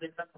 Gracias.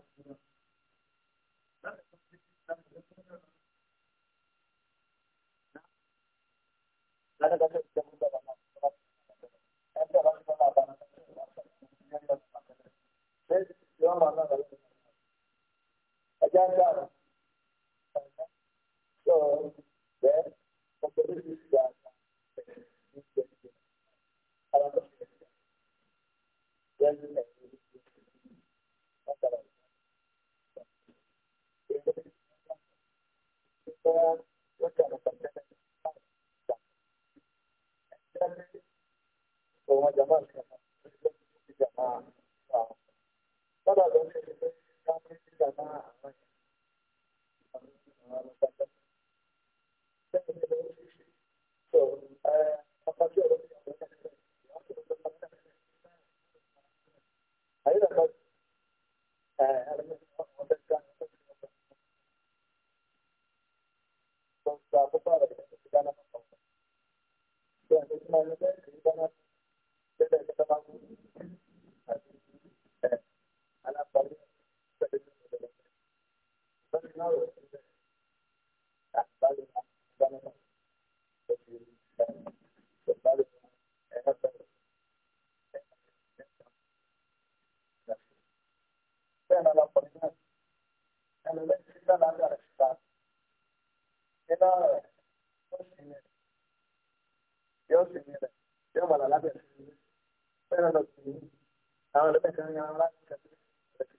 Kalau lebih dari yang lain, lebih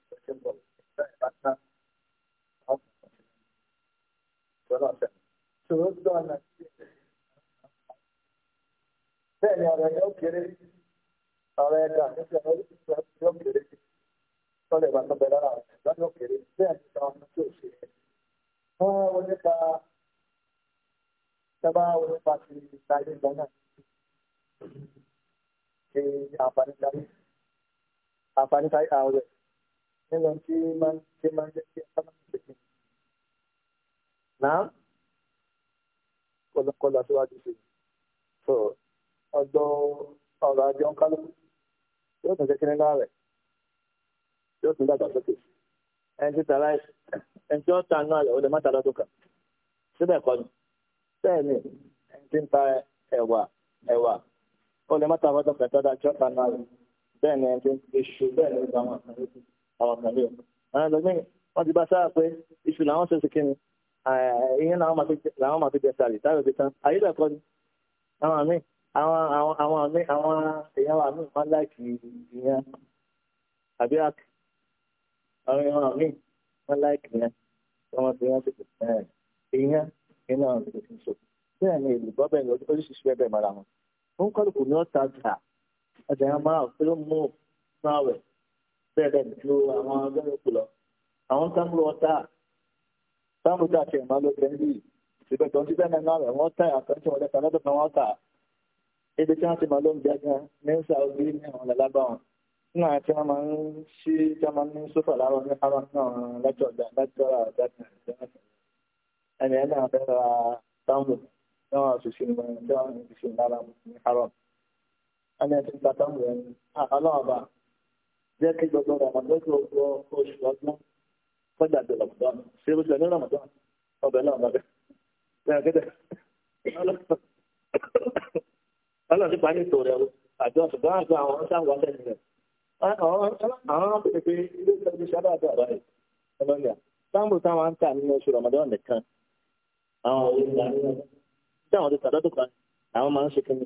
bersimbol. Kita pasang. Kalau saya Saya ni orang yang kiri, orang yang kanan, saya yang kiri. Kalau bantu berada, saya yang kiri. Saya ni orang yang Ah, wanita. Sebab wanita si saya banyak. Si apa ni àǹfààní five thousand nínú tí máa ń tí máa ń jẹ́ kí ẹ̀ka máa So ọ̀dọ̀ ọ̀rọ̀ ajé ń kálukú yóò tún jẹ́ kí nínú rẹ̀ yóò tún dàgbà sókè. Ẹni tí tàlá ẹni tí ó ta nínú rẹ̀ ó lè má ta lọ́dún kan. Síbẹ̀ kọ́ ni. Bẹ́ẹ̀ ni ẹni tí ta bẹ́ẹ̀ ni ẹni tó ń ti ṣe bẹ́ẹ̀ ni ó gba àwọn àkàrà ètò àwọn àkàrà ètò àwọn ẹlòmíì wọ́n ti bá sáà pé iṣu làwọn ṣe ṣe kí ni ìyẹn làwọn máa fi jẹ sàrì táwọn ti tán àyílẹ̀ kọ́ ni àwọn àmì àwọn àwọn àwọn àmì àwọn èèyàn wà mí wọ́n láìkì ìyẹn àbí àkì àwọn èèyàn wà mí wọ́n láìkì ìyẹn wọ́n ti wọ́n ìyẹn ìyẹn àwọn ti fi so bẹ́ẹ̀ ni èlùbọ́ bẹ́ẹ̀ ni oríṣiríṣi bẹ́ẹ̀ bẹ́ẹ̀ mọ́ra wọn ó ta jà ọjà yẹn máa fi ló mú náà wẹ̀ bẹ́ẹ̀ bẹ́ẹ̀ ju àwọn ọjọ́ yòókù lọ. àwọn sáńgùlù ọ̀tá sáńgùlù tá a ṣe ìmọ̀ ló jẹun bíi ìbẹ̀ tó ń ti bẹ́ẹ̀ náà rẹ̀ wọ́n tẹ̀ àtúntò wọn lẹ́ka lọ́dọ̀ kan wọ́n tà ibi tí wọ́n ti máa ló ń jẹ gan ní Saudi ní àwọn lálábà wọn nínú àwọn tí wọ́n máa ń ṣí tí wọ́n máa ń ní sófà láwọn ní àwọn náà lọ́jọ́ ọ̀dà lọ́jọ́ ọ̀dà ẹni ẹ̀ náà fẹ́ ra sáńgùlù náà ṣùṣì ní wọn ní wọn ṣùṣì ní ẹni ẹ̀sìn bàtà ń rẹ̀ àbálọ́ọ̀bà jẹ́ kí gbogbo ramadan tó gbọ́ oṣù ọdún fọ́jà àti ramadan ṣé oṣù ẹni ramadan ọbẹ̀ náà bàbẹ̀ bẹ́ẹ̀ gẹ́gẹ́ ọlọ́run ti parí ètò rẹ̀ àjọ ṣùgbọ́n àjọ àwọn sáwọn ọ̀sẹ̀ rẹ̀ àwọn pèpè ilé ìṣẹ́ ti àbáyé ọlọ́run sáàmù táwọn ń tà nínú oṣù ramadan nìkan àwọn òye ìgbà tí àwọn ti tàdọ́tò kan àwọn máa ń ṣe kí ni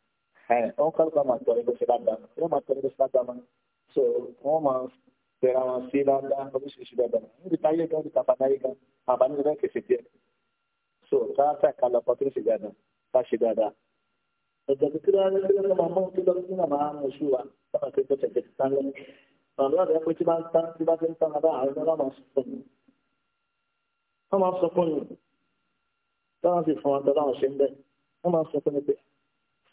wọn kálukú máa tọ́ ní bó ṣe dáadáa wọn máa tọ́ ní bó ṣe dáadáa mọ́ so wọn máa tẹ̀ra wọn sí dáadáa oríṣiríṣi dáadáa níbi táyé gan níbi tàbá náyé gan àǹfààní rẹ̀ kèsì díẹ̀ so káàtà kálọ̀ pọ̀tírísì dáadáa bá ṣe dáadáa ọ̀dọ̀ kíkúrẹ́ kíkúrẹ́ tó máa mú kí lọ́kùnrin náà máa mú oṣù wa báwa tó tó tẹ̀lé ti tán lẹ́nu ọ̀rọ̀ rẹ̀ pé tí bá ń tán tí bá ti ń tán abá àwọn ọlọ́mọ sọ̀kún ni wọ́n máa sọ fún yìí táwọn sì fún ọ̀dọ̀ láwọn ṣe ń bẹ̀ wọ́n máa sọ fún ni pé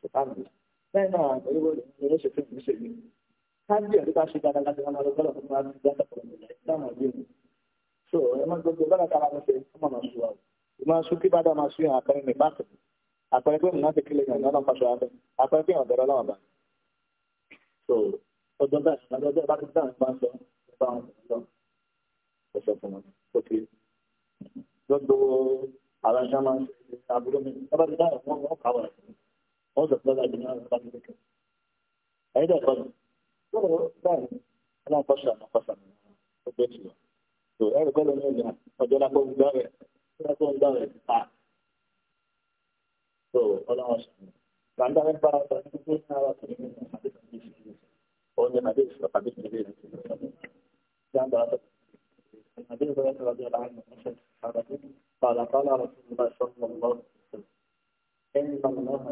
ṣùgbọ́n bẹ́ẹ̀ náà olówó ló ṣe fún ìṣèlú káàdì ẹ̀rí bá ṣe dáadáa láti wọn lọ bọ́lá fún wa ní dáadáa pọ̀ nílẹ̀ dáhùn ọdún mi so ẹ má gbogbo bọ́lá tá a máa ṣe ọmọ máa ṣù wa o máa ṣù kí bàdá máa ṣù yàn àpẹẹrẹ mi báàkì àpẹẹrẹ pé mùnà kékeré yàn náà máa ṣọ abẹ àpẹẹrẹ pé ọ̀dọ́rọ̀ láwọn bá so ọjọ́ bá wọ́n sọ pé láti náà bá mi lẹ́kẹ̀ẹ́. ẹ̀yìn dẹ̀ kọ́ni lọ́dọ̀ báyìí ọlọ́run kọ́ ṣàmù kọ́ ṣàmù ọgbẹ́ tì lọ. tó ẹ̀rù pẹ́lú ní ìlà ọjọ́ lápò ń gbá rẹ̀ lápò ń gbá rẹ̀ pa. tó ọlọ́run ṣàmù. gbàǹdà rẹ̀ bá ọ̀sán ní kí ní ara kìíní ní àdéhùn ìṣèlú. òun ni àdéhùn àdéhùn ìṣèlú. gbàǹdà rẹ̀ النبي صلى الله عليه وسلم قال قال رسول الله صلى الله عليه وسلم إن الله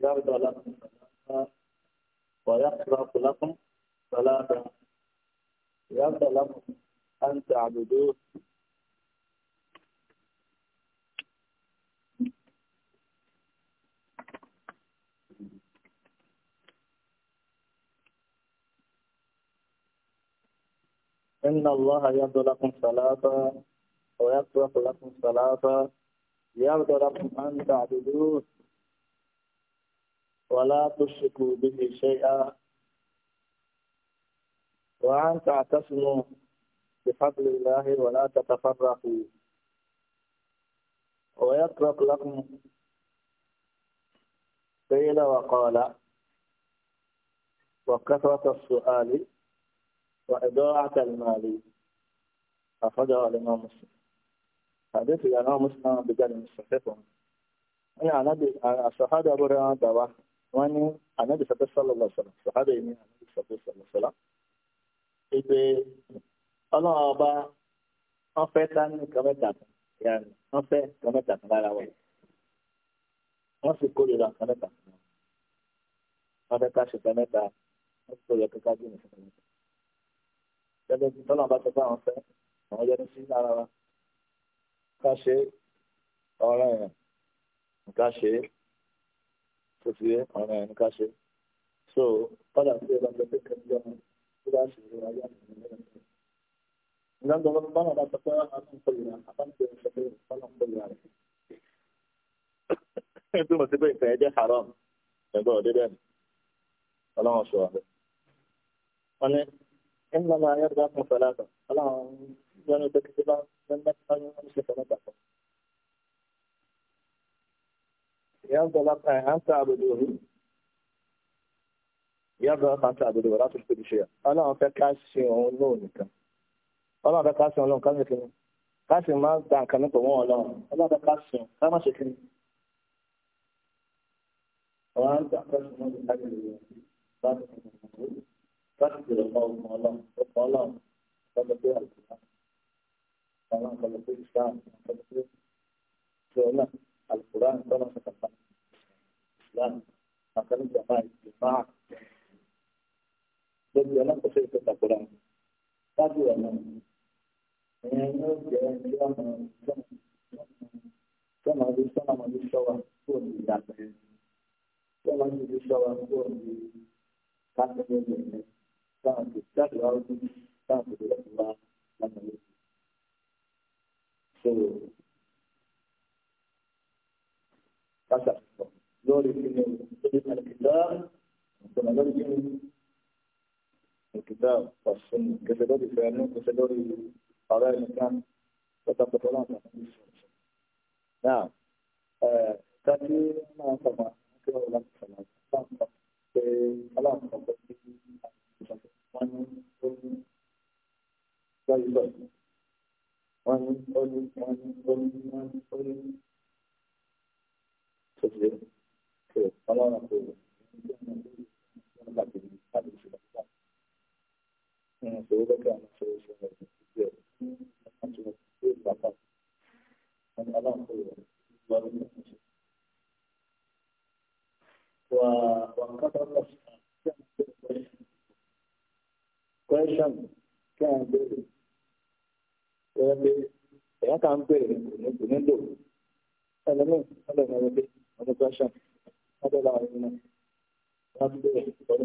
يرضى لكم ثلاثة ويكره لكم ثلاثة يرضى لكم أن تعبدوه إن الله يرضى لكم ثلاثة ويكره لكم ثلاثة يرضى لكم أن تعبدوه ولا تشركوا به شيئا وأن تعتصموا بفضل الله ولا تتفرقوا ويترك لكم قيل وقال وكثرة السؤال وإضاعة المال أخرجه الإمام مسلم حديث الإمام مسلم بجانب الصحيح يعني أنا الصحابة أبو ريان wọ́n ní anabi sọ̀tọ̀ sọ̀lọ̀lọ̀ sọ̀rọ̀ sọ̀hádẹ́ ní anabi sọ̀tọ̀ sọ̀rọ̀ sọ̀rọ̀ ìpè ọlọ́run ọba wọ́n fẹ́ ta ní nǹkan mẹ́ta kan yàrá wọ́n fẹ́ nǹkan mẹ́ta kan lára wọn wọ́n sì kórìíra nǹkan mẹ́ta kan wọ́n fẹ́ ká ṣùgbọ́n mẹ́ta wọ́n sì kórìíra kíkà bí nìkan mẹ́ta gẹ́gẹ́ bí tọ́lọ́run bá sọ pé àwọn àwọn yẹnu sí lára wa ká ṣe ọ̀rọ̀ yẹn ká ṣe tó ti yẹ ọ̀ràn ẹ̀ ní ká ṣe so padà sí ẹ̀rọ àgbẹ̀fẹ́ kẹjọ tó bá sì rí ayé àti ìrìn lẹ́yìn tó. ìgbà tó bá wọn bá sọ pé àwọn ń pè é àbáńtì ẹ̀ sọ pé wọn ń pè é rẹ̀. ẹ tó mọ̀ sí pé ìfẹ́ jẹ́ haram ẹ̀gbọ́n òde bẹ́ẹ̀ ni ọlọ́run ينطلق أن تعبدوه ينطلق أن تعبدوه ولا تشركوا به شيئا Ọlọ́run fẹ́ ká ṣe òun lóun nìkan Ọlọ́run fẹ́ ká ṣe òun lóun kan nìkan ká sì máa gba nǹkan nípa òun Ọlọ́run Ọlọ́run fẹ́ ká ṣe òun ká má ṣe kí ni. Àwọn àgbà kọ́sùn náà ti ká lè lè láti fi ìrìnàjò láti fi ìrìnàjò ọmọ Ọlọ́run ọmọ Ọlọ́run ọmọ tó yà lọ́wọ́ ọmọ ọlọ́run ọmọ tó yà lọ́wọ́ الكتاب والسنة كسدوري فانو كسدوري قضايا المكان وتبقى لنا نعم تاتي ما سمع كما لم سمع كلام Thank you nínú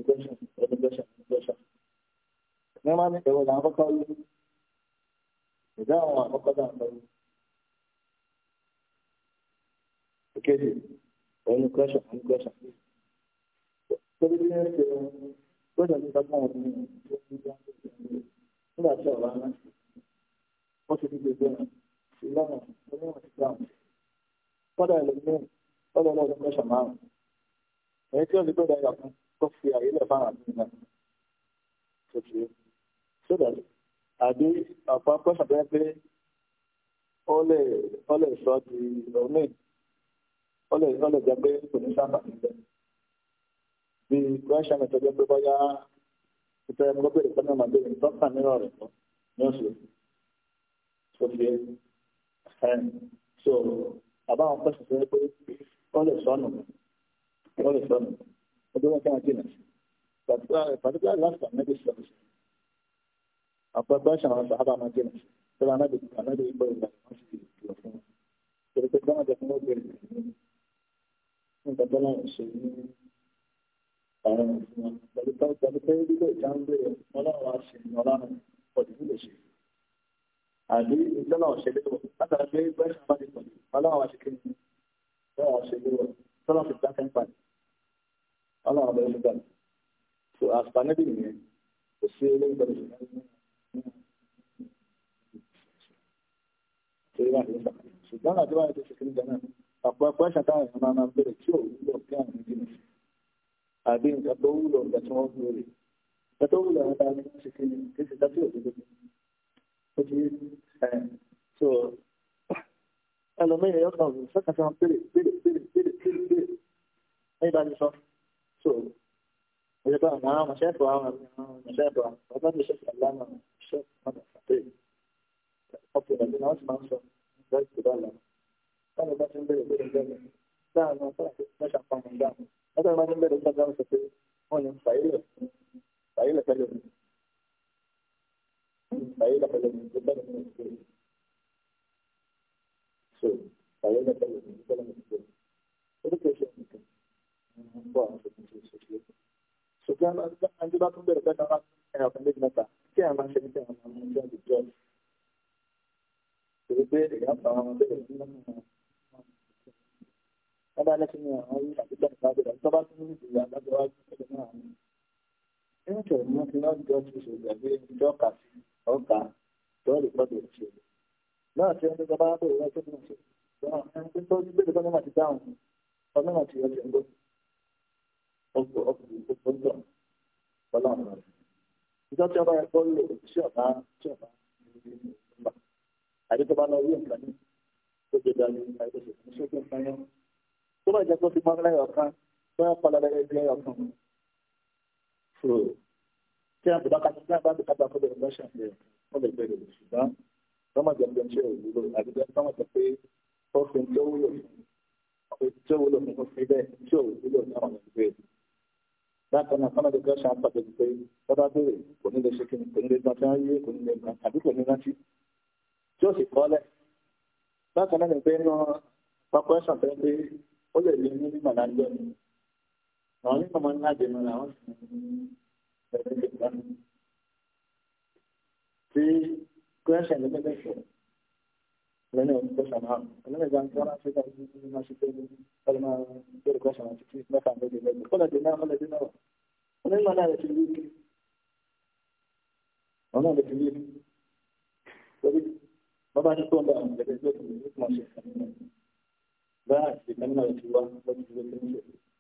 ìṣòro ní wọn ní ẹ̀rọ làwọn kọ́kọ́ lé ìdá àwọn àkọ́kọ́ dà lọ. ìkéde òun ní kúrẹ́ṣọ̀ ní kúrẹ́ṣọ̀ ní. torí bí wọ́n ṣe kúrẹ́ṣọ̀ ní sọ́kàn ọ̀hún ní nígbà tí ọ̀rọ̀ aná ó ti di gbogbo náà ìlànà oníwọ̀n ti dáhùn. kọ́dà ẹlòmíràn kọ́dà ọlọ́dún kúrẹ́ṣọ̀ márùn-ún èyí tí ó lè gbọ́dọ̀ ẹ̀yà fún fi àyè lẹ̀ fáwọn àbúrò náà. 就是。so that àbí àpá pẹ́sà bẹ́ẹ̀ pé ó lè ó lè sọ di ọ̀nà ó lè ó lè jẹ́ pé kò ní sábà níbẹ̀ bí kúrẹ́ṣà mi tọ́jú pé bóyá ìtọ́ ẹ̀kọ́ bèrè fún ọmọ bèrè tọ́ka nínú rẹ̀ kọ́ ní oṣù tó fi ẹ̀ so àbáwọn pẹ́sà bẹ́ẹ̀ pé ó lè sọ nù ó lè sọ nù ọdún wọn kí wọn jìnnà pàtíkà pàtíkà láti àmì ẹgbẹ́ sọ̀rọ̀ sọ̀rọ̀ àgbàgbàṣà àwọn sàhábà máa jẹ́ náà tọ́lá náà lè kàná lè ìgbà wọn sì lọ fún wọn torí pé gbọ́n àjẹkùn wọn bẹ̀rẹ̀ nígbà tó láwọn ṣe ní àwọn òfin wọn pẹ̀lú tó pẹ̀lú pé lílo ìjáǹgbé wọn láwọn wá ṣe ní ọlọ́run pọ̀jù nílò ṣe àbí ìjọba ọ̀ṣẹ́ látara pé gbẹ́sẹ̀ bá ti pọ̀jù wọn láwọn wá kí ni wọn wá tọ́lá fi dá kẹ́ńpà ni ọlọ́run bẹ̀rẹ̀ fi gbà ní. so níbi nìyẹn kò sí eléyìí pẹ̀lú ìjọba torí wà lóṣà ṣùgbọ́n àti wáyé tó ṣe kiri jẹ́nà àpò ẹ̀kọ́ ẹ̀ṣà táwọn èèyàn máa máa bẹ̀rẹ̀ tí ò wúlò kí àwọn ìdí nìyí àbí nǹkan tó wúlò nǹkan tí wọ́n wúlò rè nǹkan tó wúlò àwọn táwọn èèyàn ṣe kiri kí ṣe dájú òdodo ó ti ẹ̀ so ẹlòmíràn yóò kàn sọ́kàn tí wọ́n bèrè bèrè bèrè bèrè bèrè bèrè ẹ̀yìn bá ti sọ so ìjọba àwọn ọmọ ṣẹ́ẹ̀tù àwọn ọmọ ṣẹ́ẹ̀tù àwọn ọmọ ṣẹ́ẹ̀tù àwọn ọmọ ṣẹ́ẹ̀tù wọ́n sì máa ń sọ ìgbà tí ìbá lọ. Báwo bá ti ń bẹ̀rẹ̀ bẹ̀rẹ̀ bẹ̀rẹ̀ láàrin ọ̀sán àti mẹ́ta pa ọmọ ìdáhùn. Lọ́sàn bá ti ń bẹ̀rẹ̀ bẹ̀rẹ̀ sọ pé wọ́n ní fàyílẹ̀ fàyílẹ̀ pẹ̀lú mi. Fàyílẹ̀ pẹ̀lú mi ló bẹ̀rẹ̀ mi lè so fàyílẹ̀ pẹ̀lú mi ló bẹ̀rẹ̀ mi lè oríkèéṣe nìkan ń bọ̀ Ṣùgbọ́n àjọba tún kí àwọn máa ṣe kí àwọn torí pé ìyá pa àwọn ọmọdé rẹ̀ nínú wọn bá lẹ́sìn ní àwọn orí àti bẹ́ẹ̀ bá bẹ̀rẹ̀ tó bá tún ní àbí tó bá lọ rí nǹkan ní tó jẹ dání àbí tó sì ṣe fún nǹkan yẹn tó bá jẹ tó fi mọ́lá ẹ̀yọ̀ kan tó yẹ kọ́lá ẹ̀yọ̀ bí ẹ̀yọ̀ kan so tí a bá ká tí a bá ká bá kó bẹ̀rẹ̀ lọ́sẹ̀ ẹ̀ wọ́n lè bẹ̀rẹ̀ ṣùgbọ́n tọ́mọ̀ jẹ́ pé ṣé òwúlò àbí tọ́mọ̀ jẹ́ pé ó fi tó wúlò tó wúlò fún fi bẹ́ẹ̀ tí òwúlò náà wọ́n lè bẹ̀rẹ̀ bákan náà tọ́mọ̀ jẹ́ pé ṣàǹfààní pé tọ́ba bẹ̀rẹ̀ kò ní lè ṣe kí ni kò ní lè gbọ́n tí wọ́n yé kò ní lè gbọ́n àbí kò ní rántí tí ó sì kọ́lẹ̀ bákan náà ni pé inú pápá ẹ̀sán tó ń gbé ó lè ní mímọ̀ lájọ́ ni àwọn mímọ̀ máa ń lájẹ́ nu làwọn sì ń bẹ̀rẹ̀ ìgbà tí kúrẹ́sẹ̀ ló bẹ̀rẹ̀ sọ lẹ́nu ọdún tó sàmà ọ̀nà ìgbà tí wọ́n á ṣe dájú ní máa ṣe pé ọlọ́ máa bẹ̀rẹ̀ kọ́sà àti kí mẹ́fà lóde lẹ́gbẹ̀ẹ́ kọ́lẹ̀ dé náà kọ́lẹ̀ dé náà onímọ̀ náà bá ṣe tó ń bá àwọn ìgbẹ́jẹ́ tó ti ní kí wọ́n ṣe fún un bá àti kẹ́mínà rẹ̀ ti wá lọ́dún tó ti ń ṣe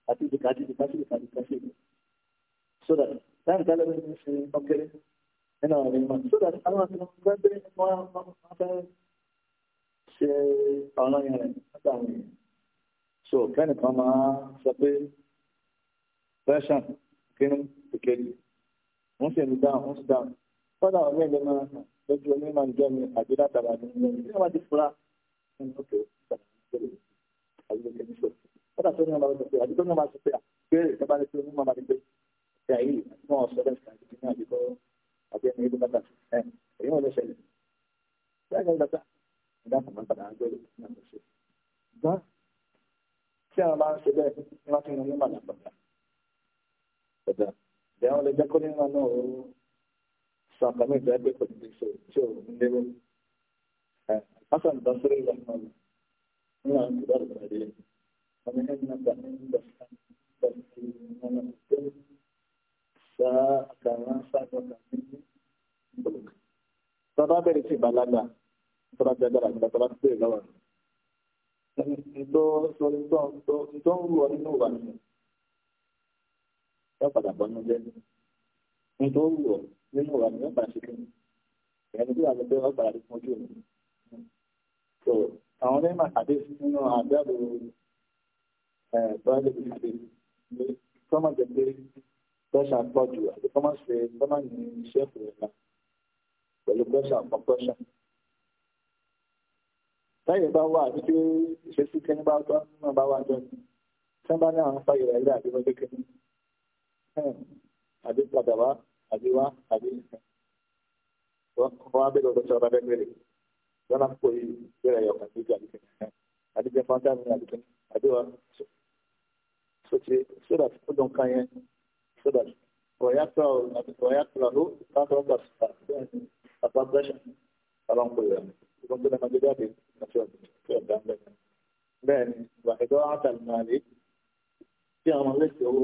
àti ìdíkà àti ìdíkà àti ìdíkà àti ìdíkà ṣe ìgbà so that táyà ìdálẹ́ bí wọ́n ṣe ọkẹ́rẹ́ nínú àwọn ìmọ̀ so that àwọn àti wọn fẹ́ bẹ́ẹ̀ wọ́n fẹ́ ṣe ọ̀ràn yẹn rẹ̀ látàwọn yẹn so kẹ́ni kan máa sọ pé fẹ́ṣàn kínú ìkejì wọ́n sì ń dáhùn wọ́n sì dáhùn fọ́dà ọ̀rẹ́ lójú omi máa ń jẹ́ mi àbí látara mi ní àwọn ti fura nínú òkè àyíké ní sọ kódà tó ní ọmọ ọdún pé àbí tó ní ọmọ ọdún pé béèrè tó bá ní pé onímọ̀ máa ní pé ṣe àyè ní wọn sọ bẹ́ẹ̀ sí ní àbíkọ́ àbí ẹni ìlú bàtà èyí wọn ló ṣẹlẹ̀ bẹ́ẹ̀ ni bàtà ìdá kan máa padà gbé ní àwọn ṣe gbọ́n tí àwọn máa ń ṣe bẹ́ẹ̀ ní wọ́n tún ní onímọ̀ àlàpàdà sọ̀kà mi ìgbà ẹgbẹ́ pẹ̀lú ìṣe tí eh, ń lérò. Hasan Basri lọ́nà ní àwọn ìgbà ìgbàdé ọmọ ẹni náà gbà ní ìgbà ìgbàdé ọmọ ìgbà sáà àkàrà sáàgbọ̀n kàmí ìgbòlùkà. Tọ́lá bẹ̀rẹ̀ sí ìbàlágà tọ́lá ti agbára àgbà tọ́lá ti bẹ̀rẹ̀ lọ́wọ́ rẹ̀. Ntọ́ sọ ntọ́ ń wọ nínú ìwà nìyẹn. Yọ padà bọ́ nínú jẹ́. Ntọ́ ń nínú ọ̀rọ̀ àmì ọ̀pá ṣe kẹ́mi ẹni tí àwọn ẹgbẹ́ ọ̀pá rẹ̀ fún ojú mi. so àwọn onímọ̀ àdé nínú àbẹ́rò bọ́ọ̀lù ìpàdé ní kọ́mọ̀ jẹ́ pé pẹ́ṣà pọ̀ jù àti kọ́mọ̀ ṣe kọ́mọ̀ ní iṣẹ́ ìfòyìnlá pẹ̀lú pẹ́ṣà pọ̀ pẹ́ṣà. táyé bá wà àti pé ìṣesí kẹ́ni bá tọ́ náà bá wà jọ ní tí wọ́n bá ní àwọn fàyè rẹ̀ lé àdébọ́dé kẹ́ni àdébọ́dé wá àbí wá àbí nìkan wọn á bẹ̀rẹ̀ ọ̀dọ̀ sọ̀rọ̀ abẹ́ mẹ́rin lọ́nà kò yí bẹ̀rẹ̀ ẹ̀yọ̀ kan méjì àbíkẹ́ àbíkẹ́ fanta mi àbíkẹ́ àbíwá sọtì sódà ó dùn kan yẹn sódà wọ̀nyá tó wọ̀nyá tó lọ́wọ́ káàkiri ọgbà àpá bẹ́ṣẹ̀ ọlọ́run kò yẹ ìgbọ́n tó lè máa gbé jáde àti ọ̀dà ń bẹ̀rẹ̀ bẹ́ẹ̀ ni wàhíkọ́ àtàlùmọ́ àlè tí àwọn ọmọ lè ṣe owó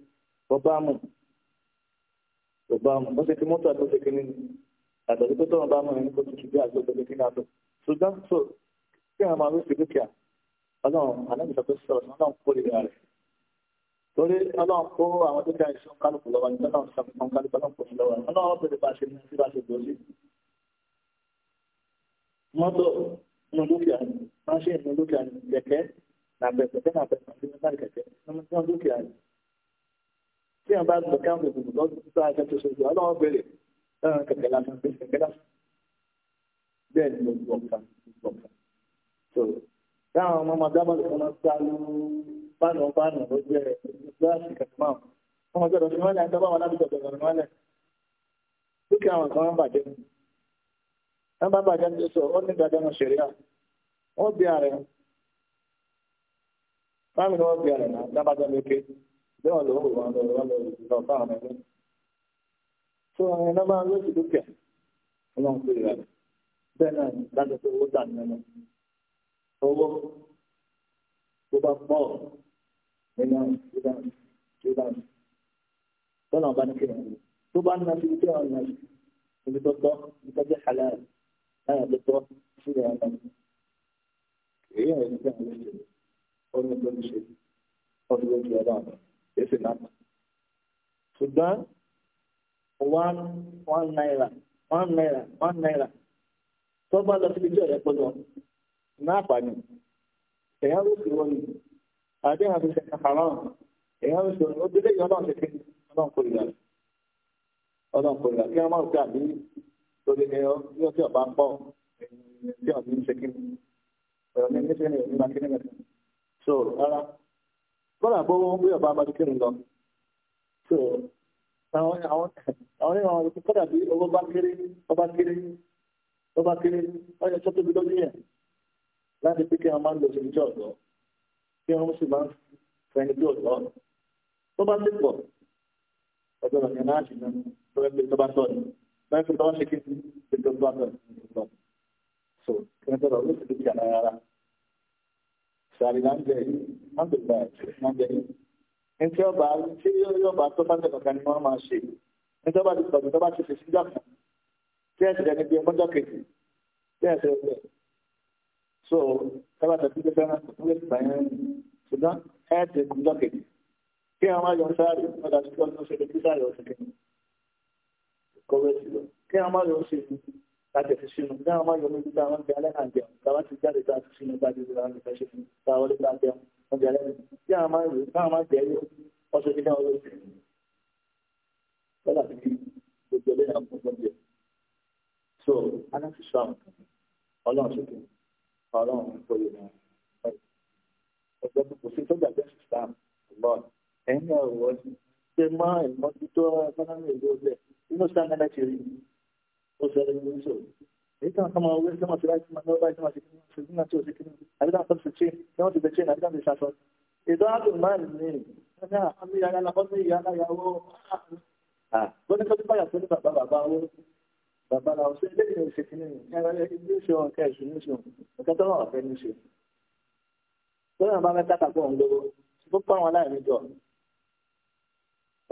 tó bá mọ̀ tó bá mọ̀ bó ṣe ti mọ́tò àti oṣèké nínú àtọ̀ tó tọ̀rọ̀ bá mọ̀ ẹni kó tutù bí àti oṣèké nínú àtọ̀ ṣùgbọ́n tó kí àwọn máa ń fi dúkìá ọlọ́run anábìsọ tó sọ̀rọ̀ sí ọlọ́run kó lè rẹ̀ torí ọlọ́run kó àwọn dúkìá ìṣọ́ kálukú lọ́wọ́ ní ọlọ́run ṣàkóso kálukú ọlọ́run kò sí lọ́wọ́ ọlọ́run bèrè bá ṣe ní sí bá ṣe dòsí mọ́tò nínú dúkìá máa tí wọn bá lọ káwọn òkùnkùn lọ sí àjọ tó ṣojú ọlọ́wọ́ bẹ̀rẹ̀ kẹ̀kẹ́ lásán kẹ̀kẹ́ lásán bẹ́ẹ̀ ni mo gbọ́ nǹkan gbọ́ nǹkan tó táwọn ọmọ ọmọ dábàlù kan máa ń sá lú bánà bánà ló jẹ gíláàsì kẹ̀kẹ́ máa wọn gbọ́dọ̀ fi wọn lẹ ẹjọ́ báwọn lábẹ́ ìjọba ìrìn wọn lẹ dúkìá àwọn kan wọn bàjẹ́ wọn bá bàjẹ́ ní sọ ó ní dáadáa wọn ṣẹlẹ̀ wọn bí ààrẹ fáwọn ni wọn bí ààrẹ náà dábàjẹ́ lókè bẹ́ẹ̀ ló ń wà lọ lọ lọ bá àwọn ẹni tó àwọn ẹni máa ń lóṣù dúkìá wọn máa ń pè rà bẹ́ẹ̀ náà láti pé owó tà nínú owó tó bá halal láyà tó tọ́ sí ìyá náà èyí àwọn ẹni tí wọ́n ń lóṣù ọdún tó ń ṣe ọdún ṣe lánàá ṣùgbọ́n one one naira one naira one naira tó bá lọ síbi tí ọ̀rẹ́ pọ̀ lọ náà pàdé ẹ̀yà ló fi wọ́n yìí àdé na ṣẹ̀ka haram ẹ̀yà na fi wọ́n yìí na délé yìí ọlọ́run na ọlọ́run bọ́dà bọ́ wọn bí ọba amadukẹ́rin lọ so àwọn àwọn àwọn ẹ̀rọ àwọn ọ̀rọ̀ kọ́dà bí ọba bá kéré ọba kéré ọba kéré ọyọ tó tóbi lọ́dún yẹn láti pé kí wọn máa ń lọ sí ìjọ ọ̀dọ́ kí wọn sì máa ń fẹni bí ọ̀dọ́ tó bá ti pọ̀ ọjọ́ ìrìn náà ṣì náà lọ́wọ́ pé tó bá tọ̀ ní lọ́wọ́ pé tó ṣe kí ní pé tó bá tọ̀ ní ìjọba so kí wọ́n tọ̀rọ̀ ló sì dúkìá rárá sàrìlà ń bẹ yìí wọn bẹ gbà wọn bẹ yìí ntí ọba tí ọba tó bá tẹ̀lé ọ̀gá ni wọ́n máa ṣe ntí ọba tó tọ̀dọ̀ tó bá ṣe fèsì jà kan tí ẹ̀sìn ẹni bí ọmọdé kejì tí ẹ̀sìn ẹgbẹ́ so ẹba tẹ̀sí pé fẹ́ràn tó lè gbà yẹn ṣùgbọ́n ẹ̀sìn ọmọdé kejì kí àwọn máa yọ sáré ọ̀dà tó tọ́ ní oṣù tó sáré ọ̀sẹ̀ kejì kọ́wé sí lọ kí àwọn máa yọ oṣù tó láti fi sínú bí àwọn yọmọ ibi tí àwọn ń bẹ alẹ́ náà jẹun táwọn ti jáde tá a ti sínú gbájú tí àwọn ìfẹ́ ṣe fún ta wọlé bá jẹun wọn jẹ alẹ́ bí àwọn máa ń rè táwọn máa ń jẹ yó wọn ṣe fi dáwọn lóṣù lọ́la fi gbogbo ẹlẹ́yà ń gbogbo jẹ so aná ti sọ àwọn kan ọlọ́run ṣe kí ọlọ́run tó yẹ náà ẹgbẹ́ kò ó sọ ẹni ní sọ èyí táwọn kan máa wé kí wọ́n ti láti máa lọ́wọ́ báyìí tí wọ́n ti kí wọ́n ti gbìyànjú òsì kí àbí táwọn kan ti chain kí wọ́n ti bẹ chain àbí táwọn ti ṣaṣọ ètò ààbò máa ń ní ọjà àmì ìyá alábọ́ sí ìyá aláyàwó bọ́dé tó ti báyà tó ní bàbá bàbá owó bàbá làwọn sí ilé ìrìn òsì kìíní ilé ìṣe ọ̀nkẹ́ ìṣù ní ìṣù ọ̀kẹ́ tó wà fẹ́ ní ìṣù. lórí àwọn bá fẹ́ tàkà pọ̀ ń lówó ṣùgbọ́n pọ̀ àwọn aláìní jọ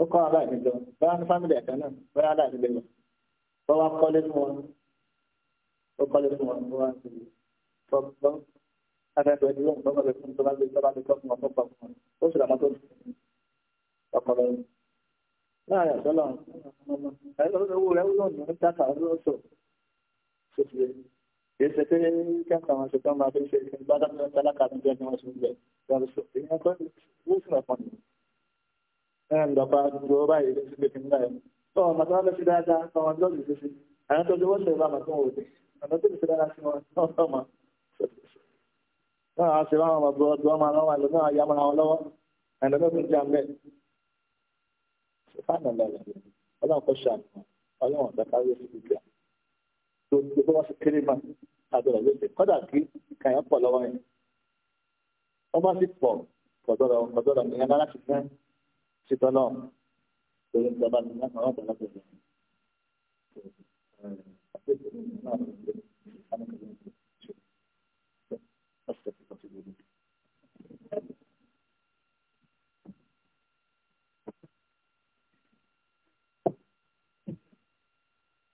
ó kọ́ aláìní jọ bẹ́ẹ̀ ní fámìlì ẹ̀ka náà bẹ́ẹ̀ aláìní lè wà wọ́n wá kọ́lé fún wọn wọ́n kọ́lé fún wọn wọ́n wá ń sèlè tọ́gbọ́n adájọ́ ẹni lóhùn tó bá lè fún tó bá lè tó bá lè tọ́kùn ọ̀tọ́ pa fún wọn ó sì làmọ́ tó ń ọkọ̀ lọ. láàrin àtọ́lọ́ owó rẹ̀ wúlò ní ní káàkà lọ́sọ̀ tó ti rẹ̀ èyí ṣe pé káàkà wọn ṣe tán máa fi ṣe bá tálákà ní jẹ́ ní wọ́n ṣe ń bẹ̀ lọ́rọ̀ sọ èyí tọ́ ọmọ tó wá lọ sí dáadáa tọ́ ọmọ tó lọ sí àwọn tó lọ́wọ́ sọ̀rọ̀ àmọ́ tó wọlé àmọ́ tó lè ṣe dáadáa sí wọn náà sọ̀mà náà a ṣe wọn ọmọ bọ́ ọdún ọmọ àwọn àlọ́ náà yá mọ́ra wọn lọ́wọ́ àìlọ́ náà tún jẹ́ àmẹ́ fáànà lọ́la ọlọ́run kọ́ ṣàmù ọlọ́run ọ̀dà káwé sí gbígbà tó tó bá wá sí kéré mà àbẹ̀rẹ̀ lóṣè kọ́dà kí kàyọ́ pọ̀ lọ́wọ́ yẹn wọ́n bá sì pọ̀ kọ̀dọ̀rọ̀ kọ̀dọ̀rọ̀ torí ìjọba ti ní àwọn ọ̀dọ́ láti ṣe. Thank you.